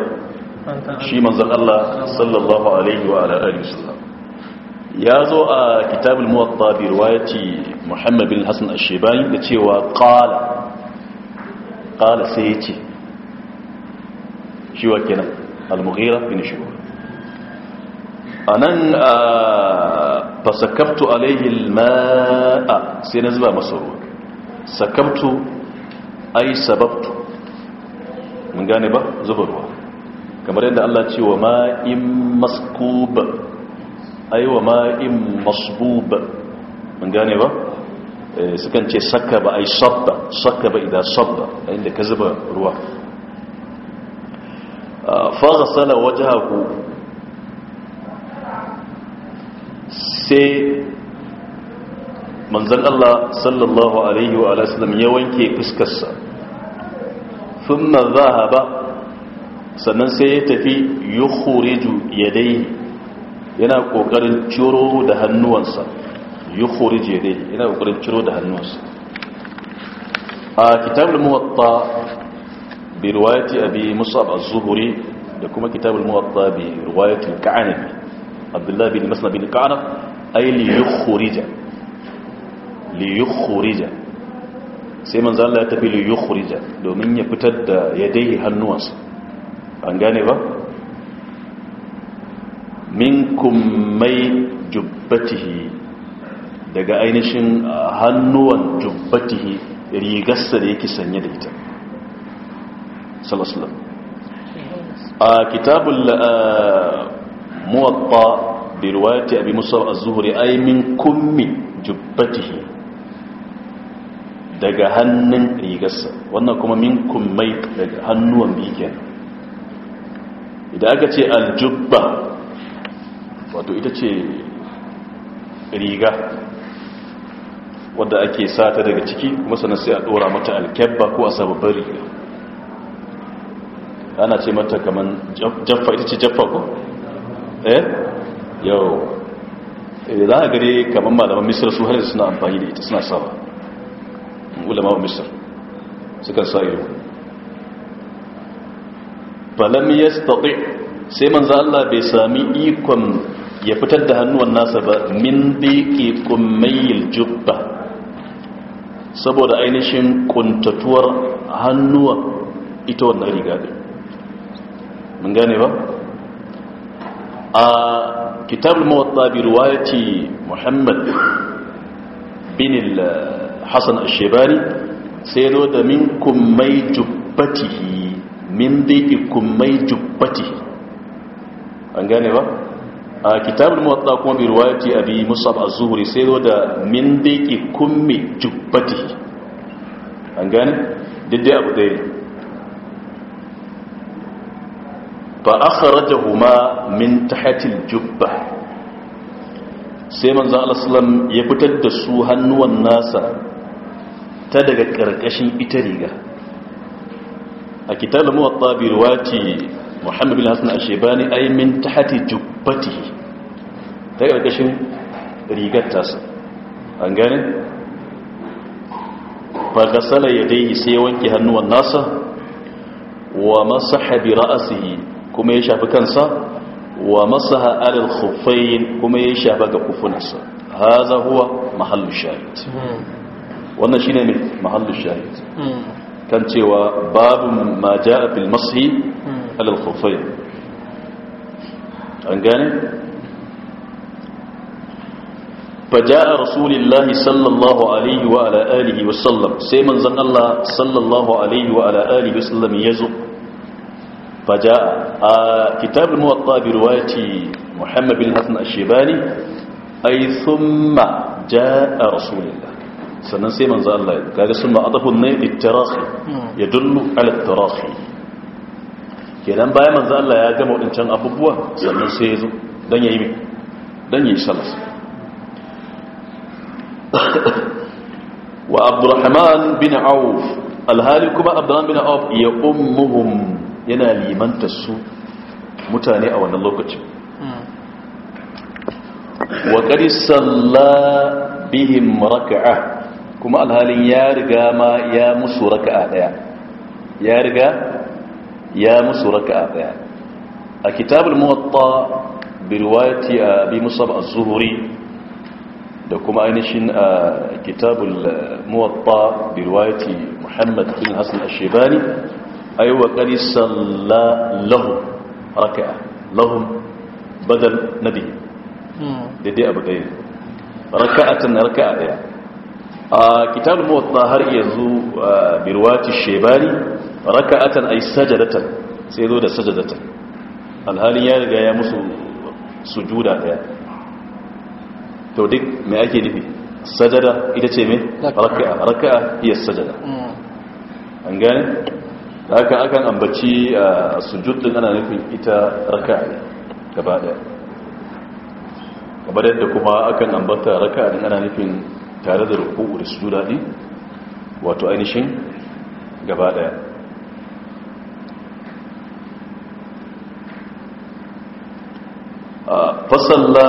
shi manzon Allah sallallahu alaihi wa ala alihi wasallam ya zo a kitabul muwatta bi riwayati Muhammad bin Hassan ash-Shaybani da cewa qala qala sai yace shi wa kenan al-Mughira bin Shu'ba a nan fasakabtu alaihi ma'a sai na zuba masa ruwa sakabtu ai sababtu mun gane ba zuba ruwa kamar yadda Allah ce wa ma'in maskub ai wa ma'in masbub mun gane ba eh, sukan ce saka ba ai sabba saka ba idan sabba inda ka zuba ruwa fa ghasala wajhahu sai manzan Allah sallallahu alaihi wa sallam ya wanke fuskarsa thumma dhahaba sannan sai ya tafi yukhriju yadayhi yana kokarin ciro da hannuwansa yukhriju yadayhi yana kokarin ciro da hannuwansa a kitabul muwatta bi riwayati abi musab az-zuhri da kuma kitabul muwatta bi riwayati al-ka'anabi abdullahi bin masna bin ka'anab yukhrija li yukhrija sai manzo Allah ya tafi yukhrija domin ya fitar da yadai hannuwansa an gane ba minkum mai jubbatihi daga ainihin hannuwan jubbatihi rigarsa da yake sanye da ita sallallahu a kitabul muwatta bi abi musa az-zuhri ay min kummi jubbatihi daga hannun rigarsa wannan kuma min kummai daga hannuwan bikin idan aka ce aljubba wato ita ce riga wadda ake sata daga ciki kuma sannan sai a dora mata alkebba ko a sababbin riga ana ce mata kaman jaffa ita ce jaffa ko eh yau eh, za a gare kamar malaman misir su har suna amfani da ita suna sawa ulama misir sukan sa ido falam ya staɗi sai manzo Allah bai sami ikon ya fitar da hannuwan nasa ba min diki kummayil jubba saboda ainihin kuntatuwar hannuwa ita wannan riga mun gane ba a kitab al-muwatta bi riwayati muhammad bin al-hasan al-shaybani sayyidu da mai jubbatihi min dikum mai jubbati an gane ba a kitab al-muwatta kuma bi riwayati abi musab az-zuhri sayyidu da min dikum mai jubbati an gane didde abu dai fa huma min tahtil jubba sai manzo Allah sallam ya fitar da su hannuwan nasa ta daga karkashin ita riga a kitab al-muwatta bi riwayati Muhammad bin Hasan al-Shaybani ay min tahti jubbatihi ta karkashin rigar tasa an gane fagasala ya dai sai wanke hannuwan nasa wa masaha bi ra'asihi kuma ya shafi kansa wa masaha alal khuffayn kuma ya shafa ga kufunansa haza huwa mahallu shahid wannan shine ne mahallu shahid kan cewa babu ma jaa fil mashi alal khuffayn an gane فجاء رسول الله صلى الله عليه wa sallam sai سيمن زن الله صلى الله عليه وعلى wa sallam yazo. فجاء آه كتاب الموطا برواية محمد بن الحسن الشيباني أي ثم جاء رسول الله sannan sai manzo Allah ya kaga sun ma'atafun ne ittirahi ya dullu ala ittirahi kenan bayan manzo Allah ya gama wadancan abubuwa sannan sai ya zo dan yayi me dan yayi salat wa Abdurrahman bin Auf alhali kuma Abdurrahman bin Auf ya ummuhum yana limanta su mutane a wannan lokacin wa qad bihim kuma alhalin ya riga ma ya musu raka'a daya ya riga ya musu raka'a daya a kitabul muwatta bi riwayati abi musab az-zuhri da kuma ainihin a kitabul eh, muwatta bi riwayati muhammad bin hasan ash-shaybani أي أيوة، وقد صلى له ركعة لهم بدل نبي ديدي أبو غير ركعة ركعة آه، كتاب المطهر يزو آه، برواة الشيباني ركعة أي سجدة سيدود سجدة الهالي يرقى يمس سجودة تودك ما أكي نبي السجدة إذا تيمين ركعة ركعة هي السجدة أنقاني haka akan ambaci a sujud din ana nufin ita raka'a gaba daya kamar yadda kuma akan ambata raka'a din ana nufin tare da ruku'u da sujuda din wato ainihin gaba daya fasalla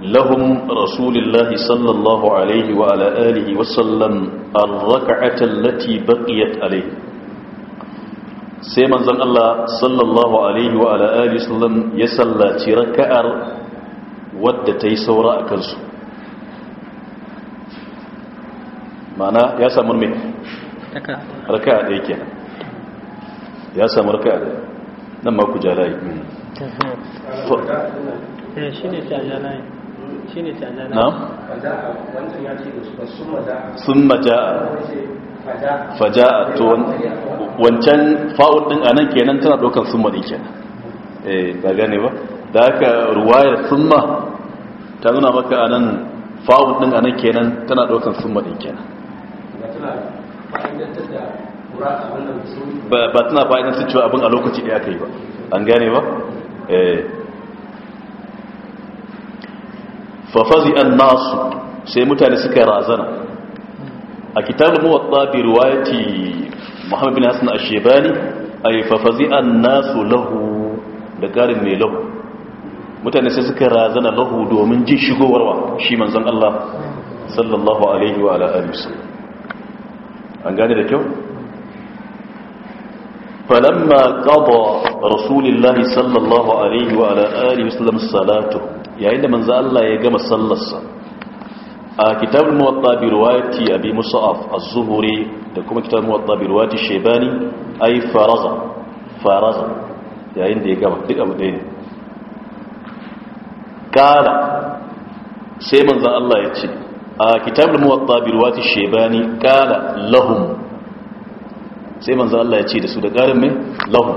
لهم رسول الله صلى الله عليه وعلى آله وسلم الركعة التي بقيت عليه سيما زن الله صلى الله عليه وعلى آله وسلم يسلى تركع ودتي سوراء كنسو معنى يا سامر مين ركعة ديك يا سامر ركعة نما كجالاي to shi ne ta janayi na summa ja'a wancan fa'ul din anan kenan tana daukar summa din kenan eh ba gane ba da haka ruwayar summa ta nuna maka anan fa'ul din anan kenan tana daukar summa din kenan ba tana fa'idan su cewa abin a lokaci da ka yi ba an gane ba eh fafazi an nasu sai mutane suka razana a kitabul muwatta bi riwayati muhammad bin Hassan Ashebani shaybani ay fafazi an nasu lahu da karin mai lahu mutane sai suka razana lahu domin jin shigowarwa shi manzon Allah sallallahu alaihi wa alihi wasallam an gane da kyau falamma qada rasulullahi sallallahu alaihi wa alihi wasallam salatu yayin da manzo Allah ya gama sallarsa a kitabul muwatta bi riwayati abi mus'ab az-zuhri da kuma kitabul muwatta bi riwayati shaybani ay faraza faraza yayin da ya gama duk abu ɗaya ne kala sai manzo Allah ya ce a kitabul muwatta bi riwayati shaybani kala lahum sai manzo Allah ya ce da su da ƙarin mai lahum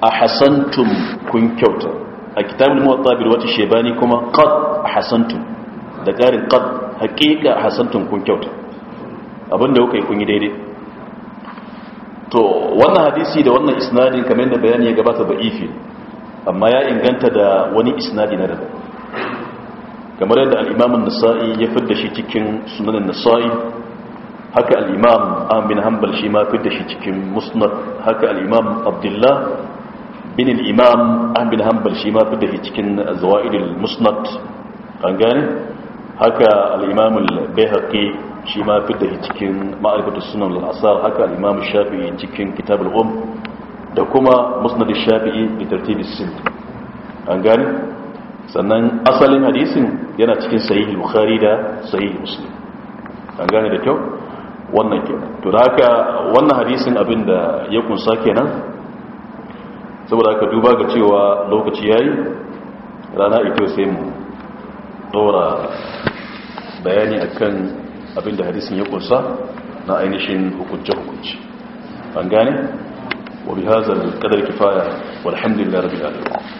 a hasantum kun kyauta a kitabul muwatta bil wata shebani kuma qad hasantum da qarin qad haqiqa hasantum kun kyauta abinda kuka yi kun yi daidai to wannan hadisi da wannan isnadin kamar da bayani ya gabata da ifi amma ya inganta da wani isnadi na daban kamar yadda al-imam an-nasa'i ya fidda shi cikin sunan an-nasa'i haka al-imam ahmad bin hanbal shi ma fidda shi cikin musnad haka al-imam abdullah bin imam an bin hanbal shi ma fi da shi cikin zawa'idul musnad an gane haka al'imamul bayhaqi shi ma fi da shi cikin ma'arifatu sunan al al'asar haka al'imamul shafi'i cikin kitabul um da kuma musnad shafi'i da tartibis sin an gane sannan asalin hadisin yana cikin sahih bukhari da sahih muslim an gane da kyau wannan kenan to haka wannan hadisin abinda ya kunsa kenan saboda aka duba ga cewa lokaci ya yi rana ito sai mu ɗora bayani akan abinda hadisin ya kunsa na ainihin hukunce-hukunce an gane wa bi hazar kadar kifaya walhamdulillah rabbi alaikun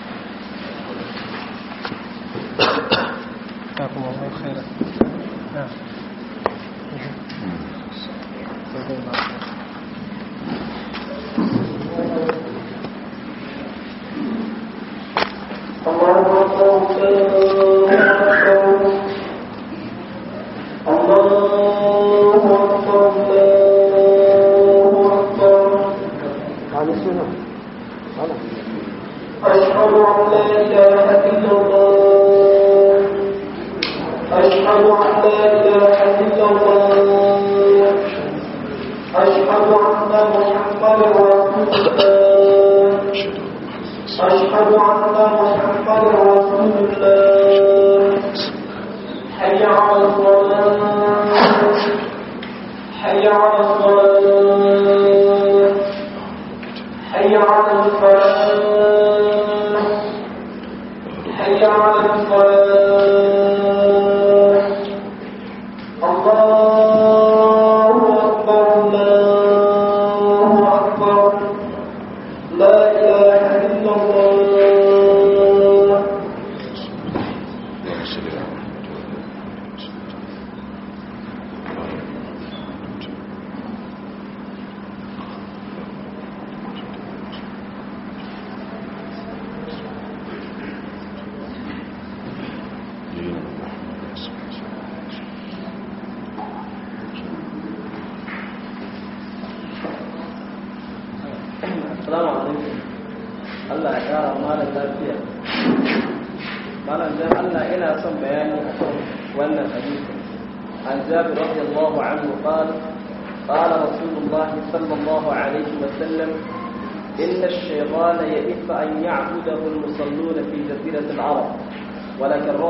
Thank you. اللهم أشهد أن محمدا رسول الله حي على الصلاة حي على الصلاة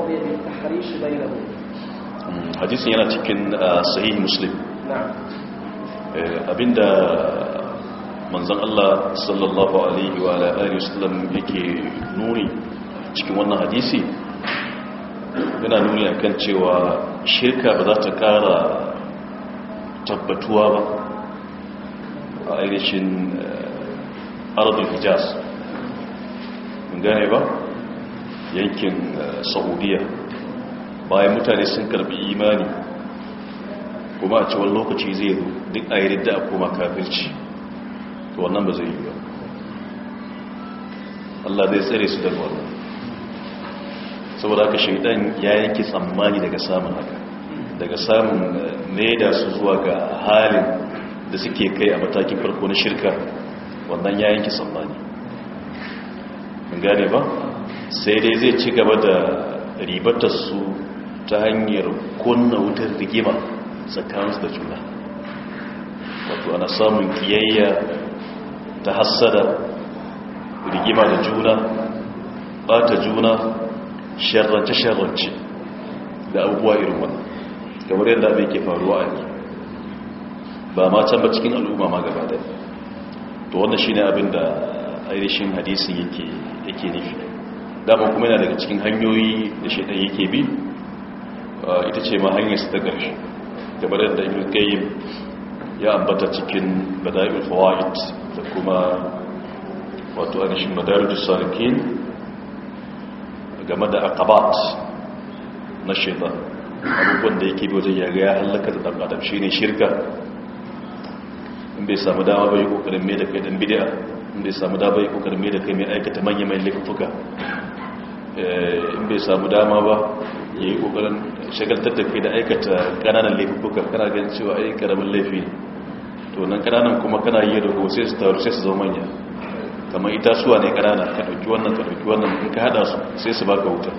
قضية التحريش بينهم hadisin yana cikin sahih muslim abinda manzon Allah sallallahu alaihi wa alihi wasallam yake nuni cikin wannan hadisi yana nuni akan cewa shirka ba za ta kara tabbatuwa ba a ainihin arabin hijaz mun gane ba yankin eh, saudiya bayan mutane sun karbi imani kuma a cewar lokaci zai zo duk a yi ridda a koma kafirci to wannan ba zai yi ba allah zai tsere su da wannan saboda haka shaidan ya yanki tsammani daga samun haka daga samun eh, da su zuwa ga halin da suke kai a matakin farko na shirka wannan ya yanki tsammani gane ba sai dai zai ci gaba da ribatarsu ta hanyar kunna wutar rigima tsakanin da juna wato ana samun kiyayya ta hassada rigima da juna bata juna sharrance-sharrance da abubuwa irin wani kamar yadda abin ke faruwa a yi ba ma can ba cikin al'umma ma gaba to wannan shi ne abin da ainihin hadisin yake nufi dama kuma yana daga cikin hanyoyi da shaitan yake bi uh, ita ce ma hanyar su ta ƙarshe kamar da ibn qayyim ya ambata cikin bada'il fawaid da kuma wato anishin madarijus salikin game da aqabat na shaitan abubuwan da yake bi wajen yaga ya halaka da dan adam shirka in bai samu dama ba yi kokarin mai da kai dan bid'a in bai samu dama ya kokar mai da kai mai aikata manya mai laifuka eh, in bai samu dama ba ya yi kokarin shagaltar da kai da aikata kananan laifuka kana gan cewa ai karamin laifi to nan kananan kuma kana yi da sai su taru sai su zama manya kamar suwa ne kanana ka dauki wannan ka dauki wannan in ka hada su sai su baka wuta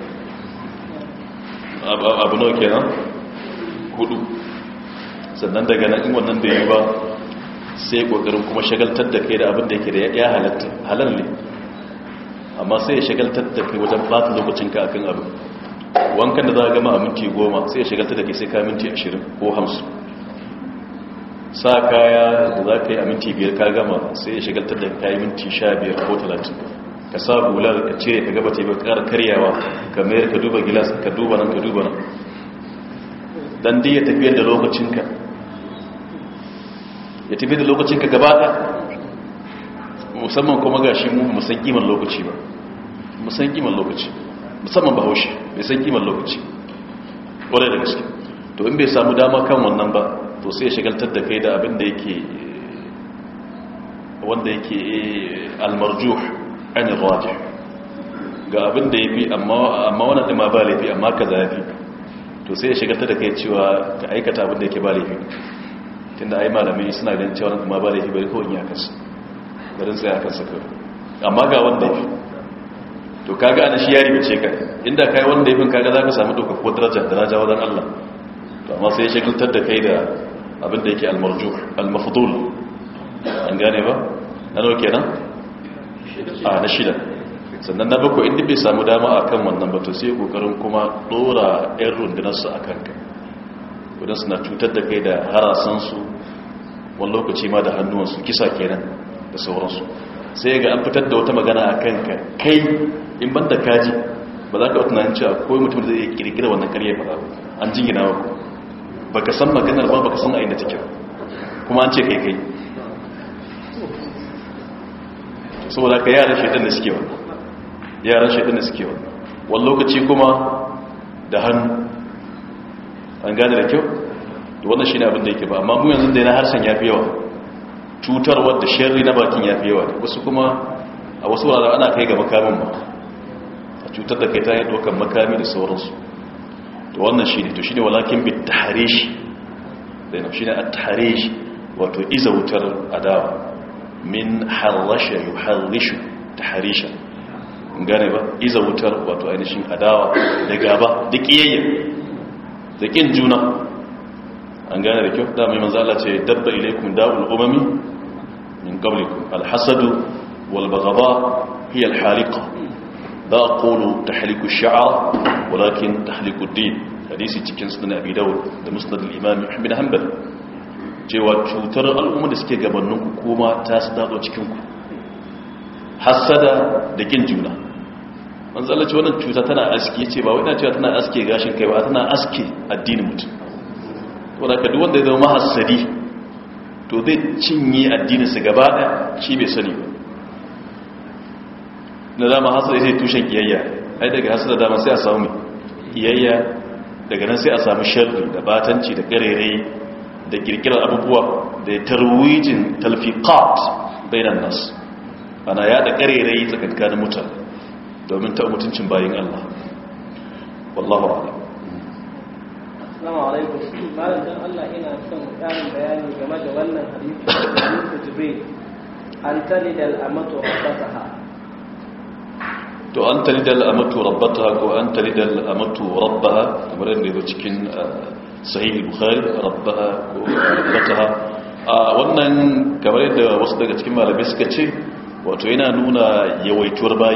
abu nawa kenan kudu sannan daga nan in wannan da yi ba sai kokarin kuma shagaltar da kai da abin da yake da ya halatta halal ne amma sai ya shagaltar da kai wajen lokacin lokacinka akan abu wankan da za a gama a minti goma sai ya shagaltar da kai sai ka minti ashirin ko hamsin sa kaya da za ka yi a minti biyar ka gama sai ya shagaltar da kai minti sha biyar ko talatin ka sa hular ka cire ka gabata ba ƙara karyawa ka mayar ka duba gilas ka duba nan ka duba nan dan dai ya tafiyar da ka. ya tafi da lokacin ka ta musamman kuma ga shi mu musan kimar lokaci ba musan kimar lokaci musamman bahaushe mai san kimar lokaci wadai da gaske to in bai samu dama kan wannan ba to sai ya shigaltar da kai da abin da yake wanda yake eh, almarju an raji ga abin da ya fi amma wani ɗima ba laifi amma ka zafi to sai ya shigaltar da kai cewa ka aikata abin da yake ba laifi tunda ai malamai suna ganin cewa nan kuma ba da hibar ko in ya kasu garin a kan saka amma ga wanda yake to kaga ana shi yari bace ka inda kai wanda yake kaga zaka samu ko daraja da daraja wajen Allah to amma sai ya shagaltar da kai da abin da yake al-marjuh al-mafdul an gane ba na nawa kenan a na shida sannan na bako inda bai samu dama akan wannan ba to sai kokarin kuma dora ƴan rundunarsa akan kai wadda suna cutar da kai da harasansu wani lokaci ma da hannuwansu kisa kenan da sauransu sai ga an fitar da wata magana a kanka kai in banda kaji ba za ka wata nan cewa ko mutum da zai kirkira wannan karye ba an gina ba ba ka san maganar ba ba ka san a inda cikin kuma an ce kai kai saboda ka yaran shaitan da suke wannan yaran shaitan da suke wannan wani lokaci kuma da hannu an gane da kyau da wannan shi ne abin da yake ba amma mu yanzu da yana harshen ya fi yawa cutarwar da sharri na bakin ya fi yawa wasu kuma a wasu wuraren ana kai ga makamin ba. a cutar da kai ta yadda wakan makami da sauransu da wannan shi ne to shi ne walakin bi taharishi da yana shi ne a taharishi wato iza wutar adawa min harrasha yi harrishu taharisha gane ba iza wutar wato ainihin adawa da gaba da ƙiyayya da ƙin juna an gane da kyau mai manzala ce dabba ilaikun da'ul umami min qablikum alhasadu wal baghadha hiya alhaliqa da aqulu tahliku ash-sha'r walakin tahliku ad-din hadisi cikin sunan abi dawud da musnad al-imam hanbal cewa cutar al'umma da suke gabaninku kuma ta sadado cikin ku hasada da kin juna manzala ce wannan cuta tana aski ya ce ba wai ina cewa tana aski gashin kai ba tana aski addinin mutum to ka duk wanda ya zama to zai cinye addinin sa gaba da shi bai sani ba na zama hasada sai tushen kiyayya ai daga hasada dama sai a samu kiyayya daga nan sai a samu sharri da batanci da ƙarere da kirkirar abubuwa da tarwijin talfiqat bainan nas ana yada garere tsakankanin mutane domin ta mutuncin bayan Allah wallahu a'lam Assalamu alaikum malam Allah ina son ƙarin bayani game da wannan hadisi da Yusuf Jibril an tani da al'amatu rabbataha to an tani da al'amatu rabbataha ko an tani da al'amatu rabbaha kamar yadda yake cikin eh, sahih bukhari rabbaha ko rabbataha a wannan kamar yadda wasu daga cikin malamai suka ce wato yana nuna yawaituwar bayi